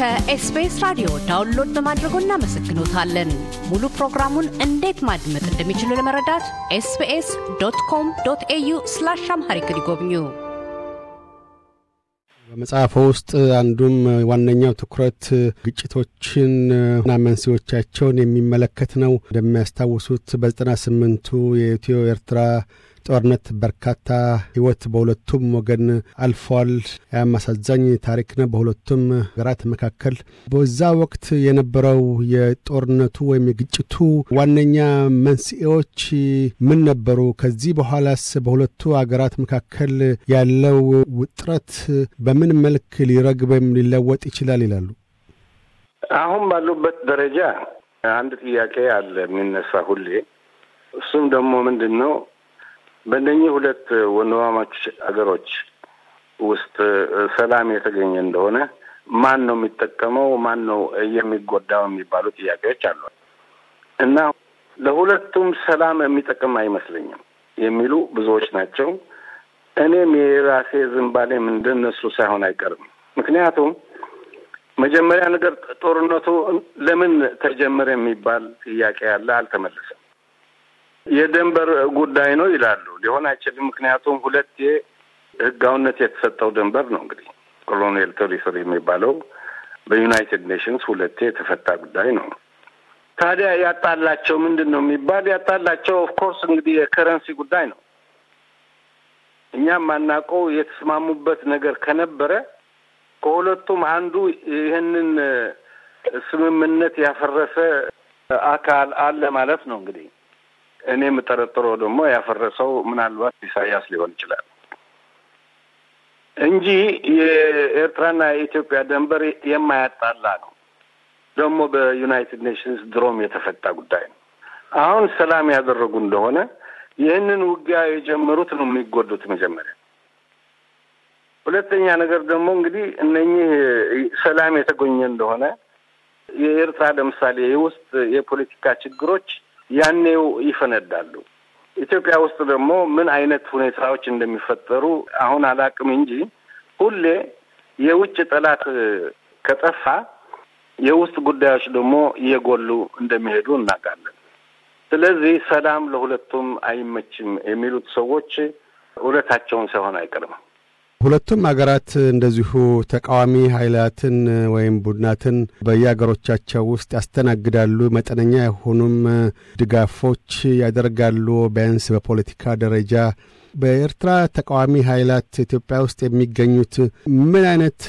ከኤስቢኤስ ራዲዮ ዳውንሎድ በማድረጎ እናመሰግኖታለን። ሙሉ ፕሮግራሙን እንዴት ማድመጥ እንደሚችሉ ለመረዳት ኤስቢኤስ ዶት ኮም ዶት ኤዩ ስላሽ አምሃሪክ ይጎብኙ። በመጽሐፎ ውስጥ አንዱም ዋነኛው ትኩረት ግጭቶችን እና መንስኤዎቻቸውን የሚመለከት ነው። እንደሚያስታውሱት በዘጠና ስምንቱ የኢትዮ ኤርትራ ጦርነት በርካታ ህይወት በሁለቱም ወገን አልፏል። ያም አሳዛኝ ታሪክ ነው በሁለቱም ሀገራት መካከል። በዛ ወቅት የነበረው የጦርነቱ ወይም የግጭቱ ዋነኛ መንስኤዎች ምን ነበሩ? ከዚህ በኋላስ በሁለቱ አገራት መካከል ያለው ውጥረት በምን መልክ ሊረግብ ወይም ሊለወጥ ይችላል ይላሉ? አሁን ባሉበት ደረጃ አንድ ጥያቄ አለ የሚነሳ ሁሌ። እሱም ደግሞ ምንድን ነው በእነኚህ ሁለት ወንድማማች ሀገሮች ውስጥ ሰላም የተገኘ እንደሆነ ማን ነው የሚጠቀመው፣ ማን ነው የሚጎዳው የሚባሉ ጥያቄዎች አሉ እና ለሁለቱም ሰላም የሚጠቅም አይመስለኝም የሚሉ ብዙዎች ናቸው። እኔም የራሴ ዝንባሌም እንደነሱ ሳይሆን አይቀርም። ምክንያቱም መጀመሪያ ነገር ጦርነቱ ለምን ተጀመረ የሚባል ጥያቄ ያለ አልተመለሰም። የደንበር ጉዳይ ነው ይላሉ። ሊሆን አይችልም። ምክንያቱም ሁለት ህጋውነት የተሰጠው ደንበር ነው እንግዲህ ኮሎኔል ቴሪቶሪ የሚባለው በዩናይትድ ኔሽንስ ሁለቴ የተፈታ ጉዳይ ነው። ታዲያ ያጣላቸው ምንድን ነው የሚባል ያጣላቸው ኦፍኮርስ እንግዲህ የከረንሲ ጉዳይ ነው። እኛም ማናውቀው የተስማሙበት ነገር ከነበረ ከሁለቱም አንዱ ይህንን ስምምነት ያፈረሰ አካል አለ ማለት ነው እንግዲህ እኔ የምጠረጥረው ደግሞ ያፈረሰው ምናልባት ኢሳያስ ሊሆን ይችላል እንጂ የኤርትራና የኢትዮጵያ ደንበር የማያጣላ ነው። ደግሞ በዩናይትድ ኔሽንስ ድሮም የተፈታ ጉዳይ ነው። አሁን ሰላም ያደረጉ እንደሆነ ይህንን ውጊያ የጀመሩት ነው የሚጎዱት መጀመሪያ። ሁለተኛ ነገር ደግሞ እንግዲህ እነኚህ ሰላም የተገኘ እንደሆነ የኤርትራ ለምሳሌ የውስጥ የፖለቲካ ችግሮች ያኔው ይፈነዳሉ። ኢትዮጵያ ውስጥ ደግሞ ምን አይነት ሁኔታዎች እንደሚፈጠሩ አሁን አላቅም እንጂ ሁሌ የውጭ ጠላት ከጠፋ የውስጥ ጉዳዮች ደግሞ እየጎሉ እንደሚሄዱ እናውቃለን። ስለዚህ ሰላም ለሁለቱም አይመችም የሚሉት ሰዎች እውነታቸውን ሳይሆን አይቀርም። ሁለቱም ሀገራት እንደዚሁ ተቃዋሚ ኃይላትን ወይም ቡድናትን በየሀገሮቻቸው ውስጥ ያስተናግዳሉ። መጠነኛ የሆኑም ድጋፎች ያደርጋሉ፣ ቢያንስ በፖለቲካ ደረጃ። በኤርትራ ተቃዋሚ ኃይላት ኢትዮጵያ ውስጥ የሚገኙት ምን አይነት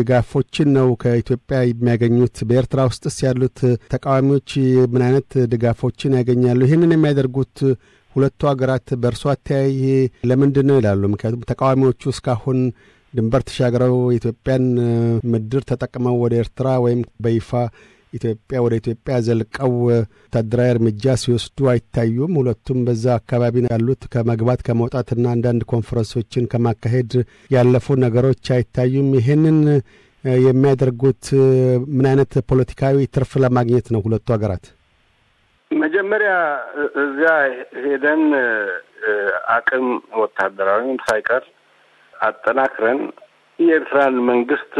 ድጋፎችን ነው ከኢትዮጵያ የሚያገኙት? በኤርትራ ውስጥስ ያሉት ተቃዋሚዎች ምን አይነት ድጋፎችን ያገኛሉ? ይህንን የሚያደርጉት ሁለቱ ሀገራት በእርሶ አተያይ ለምንድን ነው ይላሉ? ምክንያቱም ተቃዋሚዎቹ እስካሁን ድንበር ተሻግረው የኢትዮጵያን ምድር ተጠቅመው ወደ ኤርትራ ወይም በይፋ ኢትዮጵያ ወደ ኢትዮጵያ ዘልቀው ወታደራዊ እርምጃ ሲወስዱ አይታዩም። ሁለቱም በዛ አካባቢ ያሉት ከመግባት ከመውጣትና አንዳንድ ኮንፈረንሶችን ከማካሄድ ያለፉ ነገሮች አይታዩም። ይህንን የሚያደርጉት ምን አይነት ፖለቲካዊ ትርፍ ለማግኘት ነው? ሁለቱ ሀገራት መጀመሪያ እዚያ ሄደን አቅም ወታደራዊም ሳይቀር አጠናክረን የኤርትራን መንግስት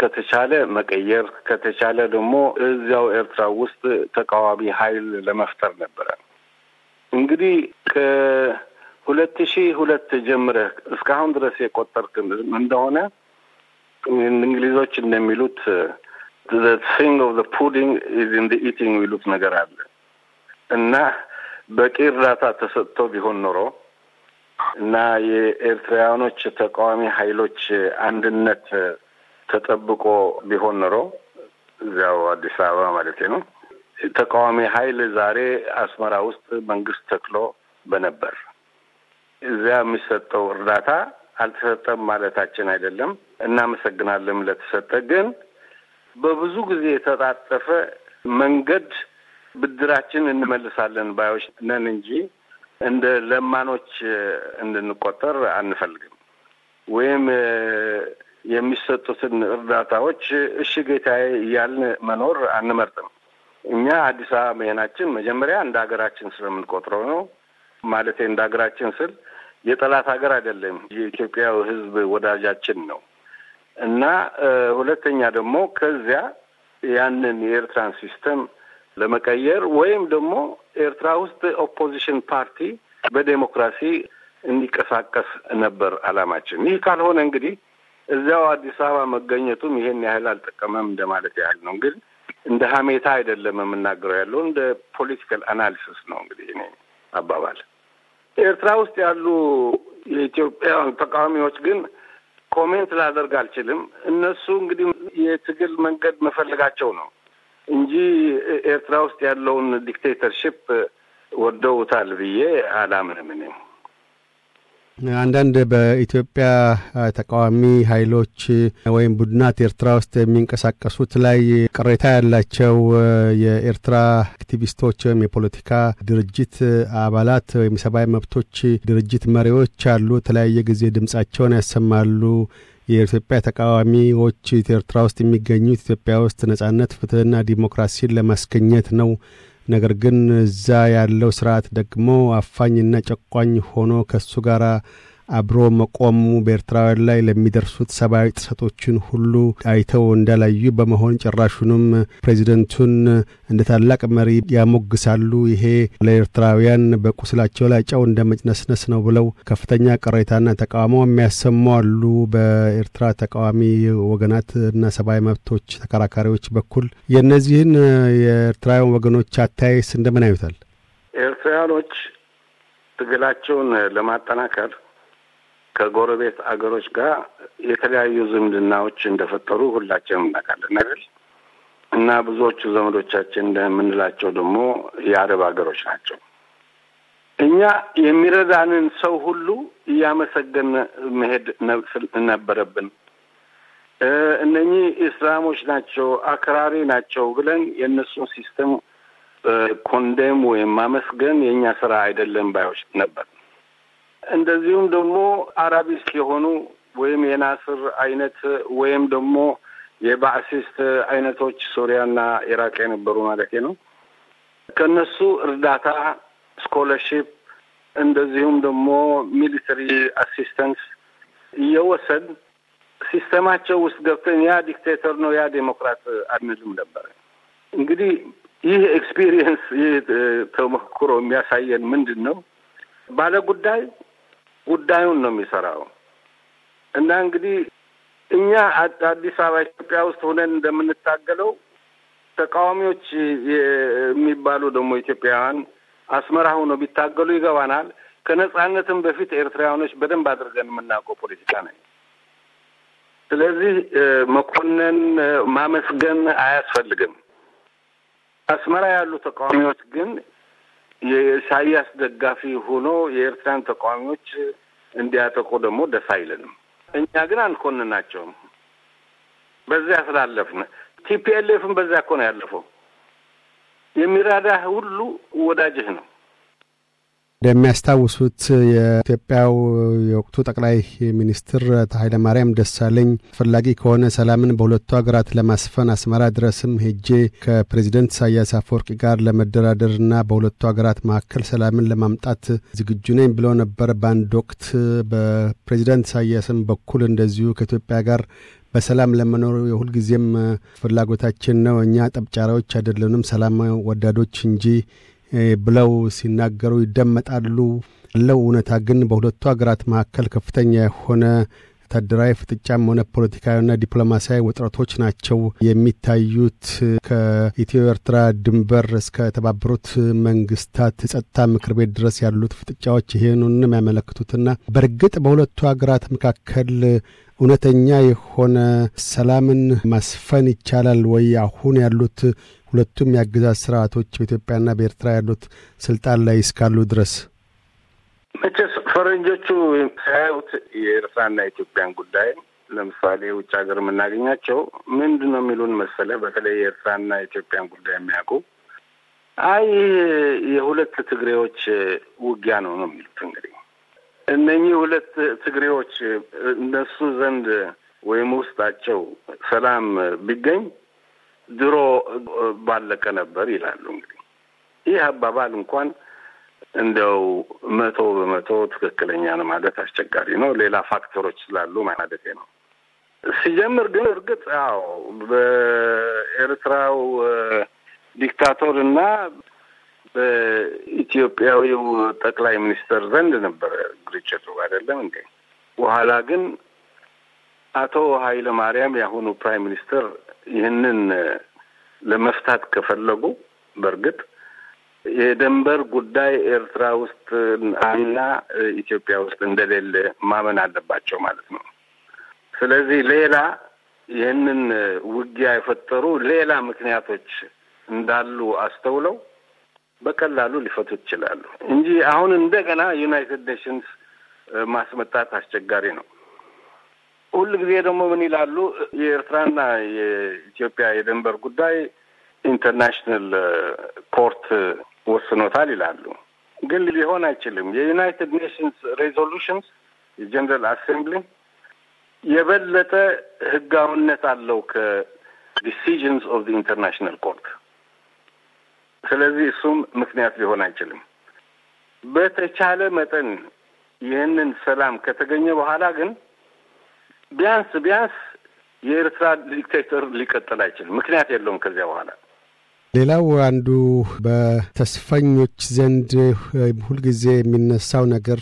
ከተቻለ መቀየር ከተቻለ ደግሞ እዚያው ኤርትራ ውስጥ ተቃዋሚ ሀይል ለመፍጠር ነበረ። እንግዲህ ከሁለት ሺህ ሁለት ጀምረህ እስካሁን ድረስ የቆጠርክ እንደሆነ እንግሊዞች እንደሚሉት ዘ ቲንግ ኦፍ ዘ ፑዲንግ ኢዝ ኢን ዘ ኢቲንግ የሚሉት ነገር አለ። እና በቂ እርዳታ ተሰጥቶ ቢሆን ኖሮ እና የኤርትራውያኖች ተቃዋሚ ኃይሎች አንድነት ተጠብቆ ቢሆን ኖሮ እዚያው አዲስ አበባ ማለት ነው ተቃዋሚ ኃይል ዛሬ አስመራ ውስጥ መንግስት ተክሎ በነበር። እዚያ የሚሰጠው እርዳታ አልተሰጠም ማለታችን አይደለም። እናመሰግናለን ለተሰጠ ግን በብዙ ጊዜ የተጣጠፈ መንገድ ብድራችን እንመልሳለን ባዮች ነን እንጂ እንደ ለማኖች እንድንቆጠር አንፈልግም። ወይም የሚሰጡትን እርዳታዎች እሺ ጌታዬ እያልን መኖር አንመርጥም። እኛ አዲስ አበባ መሄናችን መጀመሪያ እንደ ሀገራችን ስለምንቆጥረው ነው። ማለት እንደ ሀገራችን ስል የጠላት ሀገር አይደለም። የኢትዮጵያው ሕዝብ ወዳጃችን ነው እና ሁለተኛ ደግሞ ከዚያ ያንን የኤርትራን ሲስተም ለመቀየር ወይም ደግሞ ኤርትራ ውስጥ ኦፖዚሽን ፓርቲ በዴሞክራሲ እንዲቀሳቀስ ነበር አላማችን። ይህ ካልሆነ እንግዲህ እዚያው አዲስ አበባ መገኘቱም ይሄን ያህል አልጠቀመም እንደማለት ያህል ነው። ግን እንደ ሀሜታ አይደለም የምናገረው ያለው እንደ ፖለቲካል አናሊሲስ ነው። እንግዲህ እኔ አባባል ኤርትራ ውስጥ ያሉ የኢትዮጵያ ተቃዋሚዎች ግን ኮሜንት ላደርግ አልችልም። እነሱ እንግዲህ የትግል መንገድ መፈለጋቸው ነው። እንጂ ኤርትራ ውስጥ ያለውን ዲክቴተርሽፕ ወደውታል ብዬ አላምንም እኔ። አንዳንድ በኢትዮጵያ ተቃዋሚ ኃይሎች ወይም ቡድናት ኤርትራ ውስጥ የሚንቀሳቀሱት ላይ ቅሬታ ያላቸው የኤርትራ አክቲቪስቶች ወይም የፖለቲካ ድርጅት አባላት ወይም የሰብአዊ መብቶች ድርጅት መሪዎች አሉ። የተለያየ ጊዜ ድምጻቸውን ያሰማሉ። የኢትዮጵያ ተቃዋሚዎች ኤርትራ ውስጥ የሚገኙት ኢትዮጵያ ውስጥ ነጻነት፣ ፍትህና ዲሞክራሲን ለማስገኘት ነው። ነገር ግን እዛ ያለው ስርዓት ደግሞ አፋኝና ጨቋኝ ሆኖ ከእሱ ጋር አብሮ መቆሙ በኤርትራውያን ላይ ለሚደርሱት ሰብአዊ ጥሰቶችን ሁሉ አይተው እንዳላዩ በመሆን ጭራሹንም ፕሬዚደንቱን እንደ ታላቅ መሪ ያሞግሳሉ። ይሄ ለኤርትራውያን በቁስላቸው ላይ ጨው እንደ መጭነስነስ ነው ብለው ከፍተኛ ቅሬታና ተቃውሞ የሚያሰሙ አሉ። በኤርትራ ተቃዋሚ ወገናት እና ሰብአዊ መብቶች ተከራካሪዎች በኩል የእነዚህን የኤርትራውያን ወገኖች አታይስ እንደምን አዩታል? ኤርትራውያኖች ትግላቸውን ለማጠናከር ከጎረቤት አገሮች ጋር የተለያዩ ዝምድናዎች እንደፈጠሩ ሁላችንም እናውቃለን አይደል? እና ብዙዎቹ ዘመዶቻችን እንደምንላቸው ደግሞ የአረብ ሀገሮች ናቸው። እኛ የሚረዳንን ሰው ሁሉ እያመሰገን መሄድ ነበረብን። እነኚህ እስላሞች ናቸው፣ አክራሪ ናቸው ብለን የእነሱን ሲስተም ኮንዴም ወይም ማመስገን የእኛ ስራ አይደለም ባዮች ነበር። እንደዚሁም ደግሞ አራቢስት የሆኑ ወይም የናስር አይነት ወይም ደግሞ የባዕሲስት አይነቶች ሶሪያና ኢራቅ የነበሩ ማለት ነው። ከነሱ እርዳታ ስኮለርሺፕ፣ እንደዚሁም ደግሞ ሚሊተሪ አሲስተንስ እየወሰድ ሲስተማቸው ውስጥ ገብተን ያ ዲክቴተር ነው ያ ዴሞክራት አንልም ነበረ። እንግዲህ ይህ ኤክስፒሪየንስ ይህ ተሞክሮ የሚያሳየን ምንድን ነው? ባለጉዳይ ጉዳዩን ነው የሚሰራው እና እንግዲህ እኛ አዲስ አበባ ኢትዮጵያ ውስጥ ሆነን እንደምንታገለው ተቃዋሚዎች የሚባሉ ደግሞ ኢትዮጵያውያን አስመራ ሆነው ቢታገሉ ይገባናል። ከነጻነትም በፊት ኤርትራውያኖች በደንብ አድርገን የምናውቀው ፖለቲካ ነኝ። ስለዚህ መኮንን ማመስገን አያስፈልግም። አስመራ ያሉ ተቃዋሚዎች ግን የኢሳያስ ደጋፊ ሆኖ የኤርትራን ተቃዋሚዎች እንዲያጠቁ ደግሞ ደስ አይለንም። እኛ ግን አንኮንናቸውም። በዚያ ስላለፍን ቲፒኤልኤፍን በዚያ እኮ ነው ያለፈው። የሚራዳህ ሁሉ ወዳጅህ ነው። እንደሚያስታውሱት የኢትዮጵያው የወቅቱ ጠቅላይ ሚኒስትር ኃይለማርያም ደሳለኝ ፈላጊ ከሆነ ሰላምን በሁለቱ ሀገራት ለማስፈን አስመራ ድረስም ሄጄ ከፕሬዚደንት ኢሳያስ አፈወርቂ ጋር ለመደራደርና በሁለቱ ሀገራት መካከል ሰላምን ለማምጣት ዝግጁ ነኝ ብሎ ነበር። በአንድ ወቅት በፕሬዚደንት ኢሳያስም በኩል እንደዚሁ ከኢትዮጵያ ጋር በሰላም ለመኖር የሁልጊዜም ፍላጎታችን ነው፣ እኛ ጠብጫሪዎች አይደለንም፣ ሰላም ወዳዶች እንጂ ብለው ሲናገሩ ይደመጣሉ። ያለው እውነታ ግን በሁለቱ ሀገራት መካከል ከፍተኛ የሆነ ወታደራዊ ፍጥጫም ሆነ ፖለቲካዊና ዲፕሎማሲያዊ ውጥረቶች ናቸው የሚታዩት። ከኢትዮ ኤርትራ ድንበር እስከ ተባበሩት መንግስታት ጸጥታ ምክር ቤት ድረስ ያሉት ፍጥጫዎች ይህንንም ያመለክቱትና በእርግጥ በሁለቱ ሀገራት መካከል እውነተኛ የሆነ ሰላምን ማስፈን ይቻላል ወይ? አሁን ያሉት ሁለቱም የአገዛዝ ስርዓቶች በኢትዮጵያና በኤርትራ ያሉት ስልጣን ላይ እስካሉ ድረስ? መቼስ ፈረንጆቹ ሳያዩት የኤርትራና የኢትዮጵያን ጉዳይ ለምሳሌ ውጭ ሀገር የምናገኛቸው ምንድን ነው የሚሉን መሰለ፣ በተለይ የኤርትራና የኢትዮጵያን ጉዳይ የሚያውቁ አይ የሁለት ትግሬዎች ውጊያ ነው ነው የሚሉት። እንግዲህ እነኚህ ሁለት ትግሬዎች እነሱ ዘንድ ወይም ውስጣቸው ሰላም ቢገኝ ድሮ ባለቀ ነበር ይላሉ። እንግዲህ ይህ አባባል እንኳን እንደው መቶ በመቶ ትክክለኛ ነው ማለት አስቸጋሪ ነው። ሌላ ፋክተሮች ስላሉ ማለቴ ነው። ሲጀምር ግን እርግጥ አዎ በኤርትራው ዲክታቶር እና በኢትዮጵያዊው ጠቅላይ ሚኒስትር ዘንድ ነበረ ግጭቱ አይደለም እንዴ? በኋላ ግን አቶ ኃይለ ማርያም የአሁኑ ፕራይም ሚኒስትር ይህንን ለመፍታት ከፈለጉ በእርግጥ የደንበር ጉዳይ ኤርትራ ውስጥ እና ኢትዮጵያ ውስጥ እንደሌለ ማመን አለባቸው ማለት ነው። ስለዚህ ሌላ ይህንን ውጊያ የፈጠሩ ሌላ ምክንያቶች እንዳሉ አስተውለው በቀላሉ ሊፈቱ ይችላሉ እንጂ አሁን እንደገና ዩናይትድ ኔሽንስ ማስመጣት አስቸጋሪ ነው። ሁል ጊዜ ደግሞ ምን ይላሉ? የኤርትራና የኢትዮጵያ የድንበር ጉዳይ ኢንተርናሽናል ኮርት ወስኖታል ይላሉ። ግን ሊሆን አይችልም። የዩናይትድ ኔሽንስ ሬዞሉሽንስ የጀነራል አሴምብሊ የበለጠ ህጋዊነት አለው ከዲሲዥንስ ኦፍ ኢንተርናሽናል ኮርት። ስለዚህ እሱም ምክንያት ሊሆን አይችልም። በተቻለ መጠን ይህንን ሰላም ከተገኘ በኋላ ግን ቢያንስ ቢያንስ የኤርትራ ዲክቴተር ሊቀጥል አይችልም። ምክንያት የለውም ከዚያ በኋላ ሌላው አንዱ በተስፈኞች ዘንድ ሁልጊዜ የሚነሳው ነገር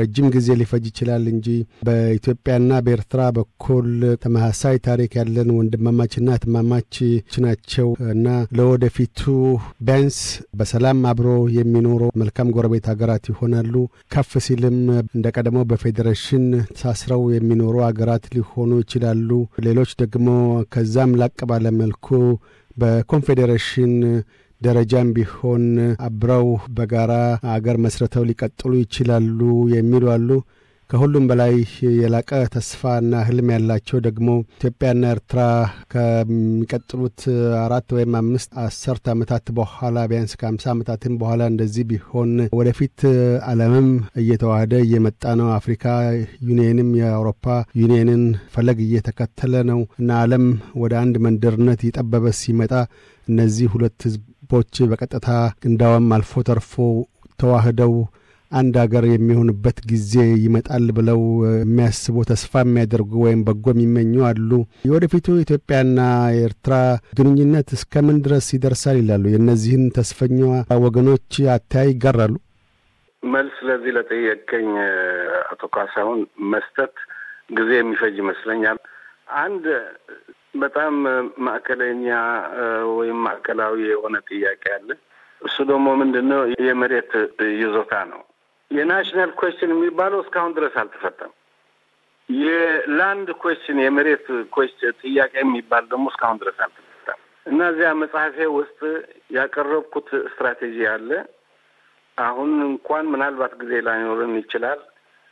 ረጅም ጊዜ ሊፈጅ ይችላል እንጂ በኢትዮጵያና በኤርትራ በኩል ተመሳሳይ ታሪክ ያለን ወንድማማችና እህትማማች ናቸው እና ለወደፊቱ ቢያንስ በሰላም አብሮ የሚኖሩ መልካም ጎረቤት ሀገራት ይሆናሉ። ከፍ ሲልም እንደ ቀደሞ በፌዴሬሽን ተሳስረው የሚኖሩ ሀገራት ሊሆኑ ይችላሉ። ሌሎች ደግሞ ከዛም ላቅ ባለመልኩ በኮንፌዴሬሽን ደረጃም ቢሆን አብረው በጋራ አገር መስረተው ሊቀጥሉ ይችላሉ የሚሉ አሉ። ከሁሉም በላይ የላቀ ተስፋና ህልም ያላቸው ደግሞ ኢትዮጵያና ኤርትራ ከሚቀጥሉት አራት ወይም አምስት አስርት ዓመታት በኋላ ቢያንስ ከአምሳ ዓመታትም በኋላ እንደዚህ ቢሆን ወደፊት ዓለምም እየተዋሃደ እየመጣ ነው። አፍሪካ ዩኒየንም የአውሮፓ ዩኒየንን ፈለግ እየተከተለ ነው እና ዓለም ወደ አንድ መንደርነት እየጠበበ ሲመጣ እነዚህ ሁለት ህዝቦች በቀጥታ እንዳውም አልፎ ተርፎ ተዋህደው አንድ አገር የሚሆንበት ጊዜ ይመጣል ብለው የሚያስቡ ተስፋ የሚያደርጉ ወይም በጎ የሚመኙ አሉ። የወደፊቱ ኢትዮጵያና የኤርትራ ግንኙነት እስከምን ድረስ ይደርሳል ይላሉ። የእነዚህን ተስፈኛ ወገኖች አተያይ ይጋራሉ። መልስ ለዚህ ለጠየቀኝ አቶ ካሳሁን መስጠት ጊዜ የሚፈጅ ይመስለኛል። አንድ በጣም ማዕከለኛ ወይም ማዕከላዊ የሆነ ጥያቄ አለ። እሱ ደግሞ ምንድን ነው? የመሬት ይዞታ ነው። የናሽናል ኮስችን የሚባለው እስካሁን ድረስ አልተፈታም። የላንድ ኮስችን የመሬት ኮስ ጥያቄ የሚባል ደግሞ እስካሁን ድረስ አልተፈታም እና እዚያ መጽሐፌ ውስጥ ያቀረብኩት ስትራቴጂ አለ። አሁን እንኳን ምናልባት ጊዜ ላይኖርን ይችላል።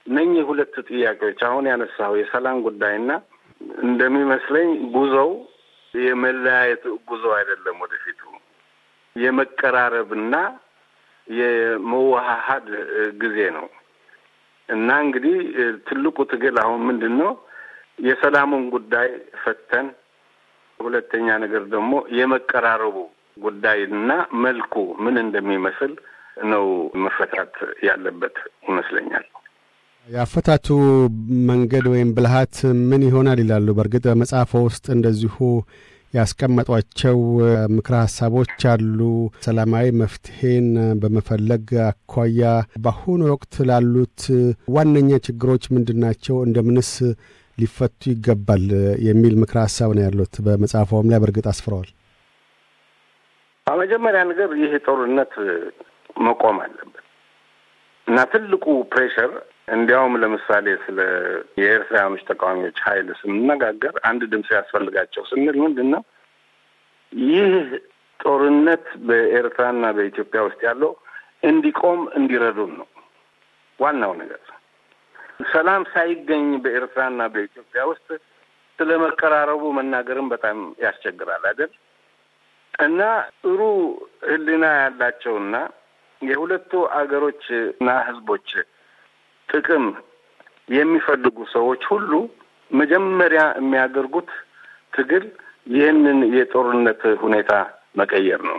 እነኚህ ሁለት ጥያቄዎች አሁን ያነሳው የሰላም ጉዳይና እንደሚመስለኝ ጉዞው የመለያየት ጉዞ አይደለም። ወደፊቱ የመቀራረብና የመዋሃሃድ ጊዜ ነው እና እንግዲህ ትልቁ ትግል አሁን ምንድን ነው? የሰላሙን ጉዳይ ፈተን፣ ሁለተኛ ነገር ደግሞ የመቀራረቡ ጉዳይ እና መልኩ ምን እንደሚመስል ነው መፈታት ያለበት ይመስለኛል። የአፈታቱ መንገድ ወይም ብልሃት ምን ይሆናል ይላሉ። በእርግጥ በመጽሐፎ ውስጥ እንደዚሁ ያስቀመጧቸው ምክረ ሀሳቦች አሉ። ሰላማዊ መፍትሄን በመፈለግ አኳያ በአሁኑ ወቅት ላሉት ዋነኛ ችግሮች ምንድናቸው? እንደምንስ ሊፈቱ ይገባል የሚል ምክረ ሀሳብ ነው ያሉት። በመጽሐፏም ላይ በእርግጥ አስፍረዋል። በመጀመሪያ ነገር ይህ ጦርነት መቆም አለበት እና ትልቁ ፕሬሸር እንዲያውም ለምሳሌ ስለ የኤርትራያኖች ተቃዋሚዎች ኃይል ስንነጋገር አንድ ድምፅ ያስፈልጋቸው ስንል ምንድን ነው ይህ ጦርነት በኤርትራና በኢትዮጵያ ውስጥ ያለው እንዲቆም እንዲረዱን ነው ዋናው ነገር። ሰላም ሳይገኝ በኤርትራና በኢትዮጵያ ውስጥ ስለ መቀራረቡ መናገርም በጣም ያስቸግራል አይደል? እና ጥሩ ሕሊና ያላቸውና የሁለቱ አገሮችና ሕዝቦች ጥቅም የሚፈልጉ ሰዎች ሁሉ መጀመሪያ የሚያደርጉት ትግል ይህንን የጦርነት ሁኔታ መቀየር ነው።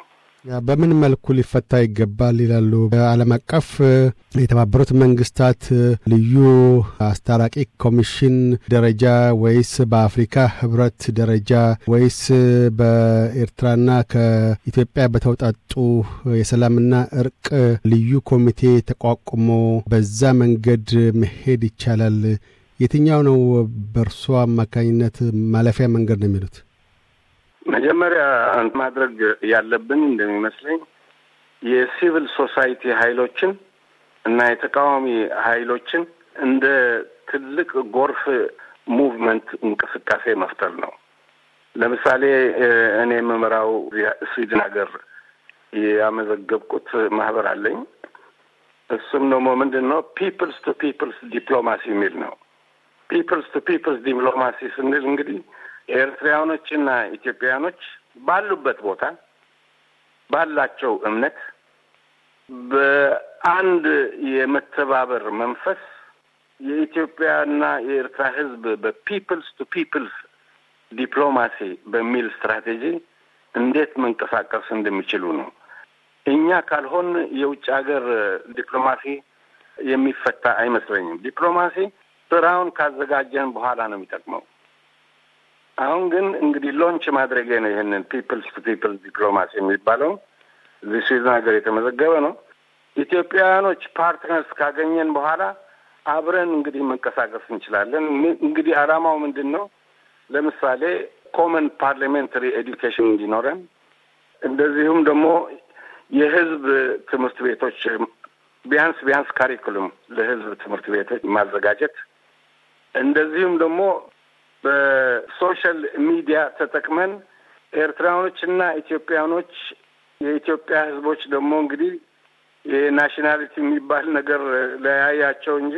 በምን መልኩ ሊፈታ ይገባል ይላሉ? ዓለም አቀፍ የተባበሩት መንግስታት ልዩ አስታራቂ ኮሚሽን ደረጃ ወይስ በአፍሪካ ህብረት ደረጃ ወይስ በኤርትራና ከኢትዮጵያ በተውጣጡ የሰላምና እርቅ ልዩ ኮሚቴ ተቋቁሞ በዛ መንገድ መሄድ ይቻላል? የትኛው ነው በእርሶ አማካኝነት ማለፊያ መንገድ ነው የሚሉት? መጀመሪያ ማድረግ ያለብን እንደሚመስለኝ የሲቪል ሶሳይቲ ሀይሎችን እና የተቃዋሚ ሀይሎችን እንደ ትልቅ ጎርፍ ሙቭመንት እንቅስቃሴ መፍጠር ነው። ለምሳሌ እኔ የምመራው ስዊድን ሀገር ያመዘገብኩት ማህበር አለኝ። እሱም ደግሞ ምንድን ነው ፒፕልስ ቱ ፒፕልስ ዲፕሎማሲ የሚል ነው። ፒፕልስ ቱ ፒፕልስ ዲፕሎማሲ ስንል እንግዲህ ኤርትራውያኖችና ኢትዮጵያውያኖች ባሉበት ቦታ ባላቸው እምነት በአንድ የመተባበር መንፈስ የኢትዮጵያና የኤርትራ ሕዝብ በፒፕልስ ቱ ፒፕልስ ዲፕሎማሲ በሚል ስትራቴጂ እንዴት መንቀሳቀስ እንደሚችሉ ነው። እኛ ካልሆን የውጭ ሀገር ዲፕሎማሲ የሚፈታ አይመስለኝም። ዲፕሎማሲ ስራውን ካዘጋጀን በኋላ ነው የሚጠቅመው። አሁን ግን እንግዲህ ሎንች ማድረጌ ነው። ይህንን ፒፕልስ ቱ ፒፕል ዲፕሎማሲ የሚባለው እዚህ ስዊድን ሀገር የተመዘገበ ነው። ኢትዮጵያውያኖች ፓርትነርስ ካገኘን በኋላ አብረን እንግዲህ መንቀሳቀስ እንችላለን። እንግዲህ አላማው ምንድን ነው? ለምሳሌ ኮመን ፓርሊሜንታሪ ኤዱኬሽን እንዲኖረን፣ እንደዚሁም ደግሞ የህዝብ ትምህርት ቤቶች ቢያንስ ቢያንስ ካሪኩሉም ለህዝብ ትምህርት ቤቶች ማዘጋጀት እንደዚሁም ደግሞ በሶሻል ሚዲያ ተጠቅመን ኤርትራኖች እና ኢትዮጵያኖች የኢትዮጵያ ሕዝቦች ደግሞ እንግዲህ የናሽናሊቲ የሚባል ነገር ለያያቸው እንጂ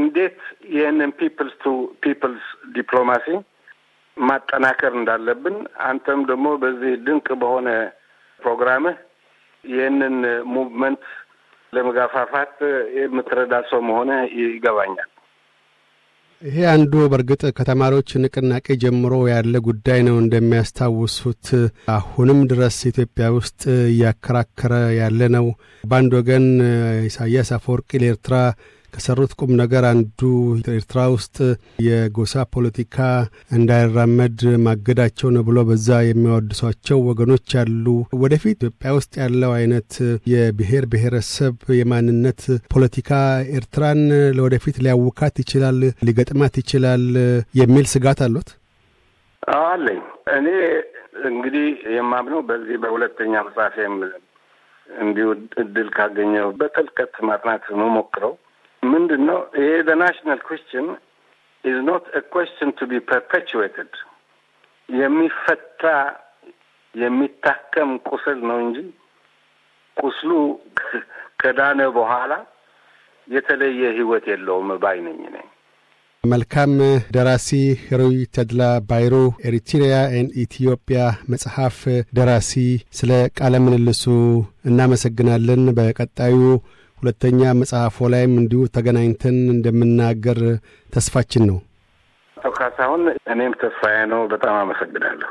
እንዴት ይህንን ፒፕልስ ቱ ፒፕልስ ዲፕሎማሲ ማጠናከር እንዳለብን አንተም ደግሞ በዚህ ድንቅ በሆነ ፕሮግራምህ ይህንን ሙቭመንት ለመጋፋፋት የምትረዳ ሰው መሆነ ይገባኛል። ይሄ አንዱ በእርግጥ ከተማሪዎች ንቅናቄ ጀምሮ ያለ ጉዳይ ነው። እንደሚያስታውሱት አሁንም ድረስ ኢትዮጵያ ውስጥ እያከራከረ ያለ ነው። በአንድ ወገን ኢሳያስ አፈወርቂ ለኤርትራ ከሰሩት ቁም ነገር አንዱ ኤርትራ ውስጥ የጎሳ ፖለቲካ እንዳይራመድ ማገዳቸው ነው ብሎ በዛ የሚያወድሷቸው ወገኖች አሉ። ወደፊት ኢትዮጵያ ውስጥ ያለው አይነት የብሔር ብሔረሰብ የማንነት ፖለቲካ ኤርትራን ለወደፊት ሊያውካት ይችላል፣ ሊገጥማት ይችላል የሚል ስጋት አሉት አለኝ። እኔ እንግዲህ የማምነው በዚህ በሁለተኛ መጽሐፌም እንዲሁ እድል ካገኘው በጥልቀት ማጥናት ነው ሞክረው ምንድን ነው ይሄ? ናሽናል ኩስችን ኢዝ ኖት ኩስችን ቱ ቢ ፐርፔቹዌትድ የሚፈታ የሚታከም ቁስል ነው እንጂ ቁስሉ ከዳነ በኋላ የተለየ ህይወት የለውም ባይ ነኝ ነኝ። መልካም ደራሲ ሄሮይ ተድላ ባይሮ፣ ኤሪትሪያ ኤን ኢትዮጵያ መጽሐፍ ደራሲ፣ ስለ ቃለ ምልልሱ እናመሰግናለን። በቀጣዩ ሁለተኛ መጽሐፎ ላይም እንዲሁ ተገናኝተን እንደምናገር ተስፋችን ነው። አቶ ካሳሁን፣ እኔም ተስፋዬ ነው። በጣም አመሰግናለሁ።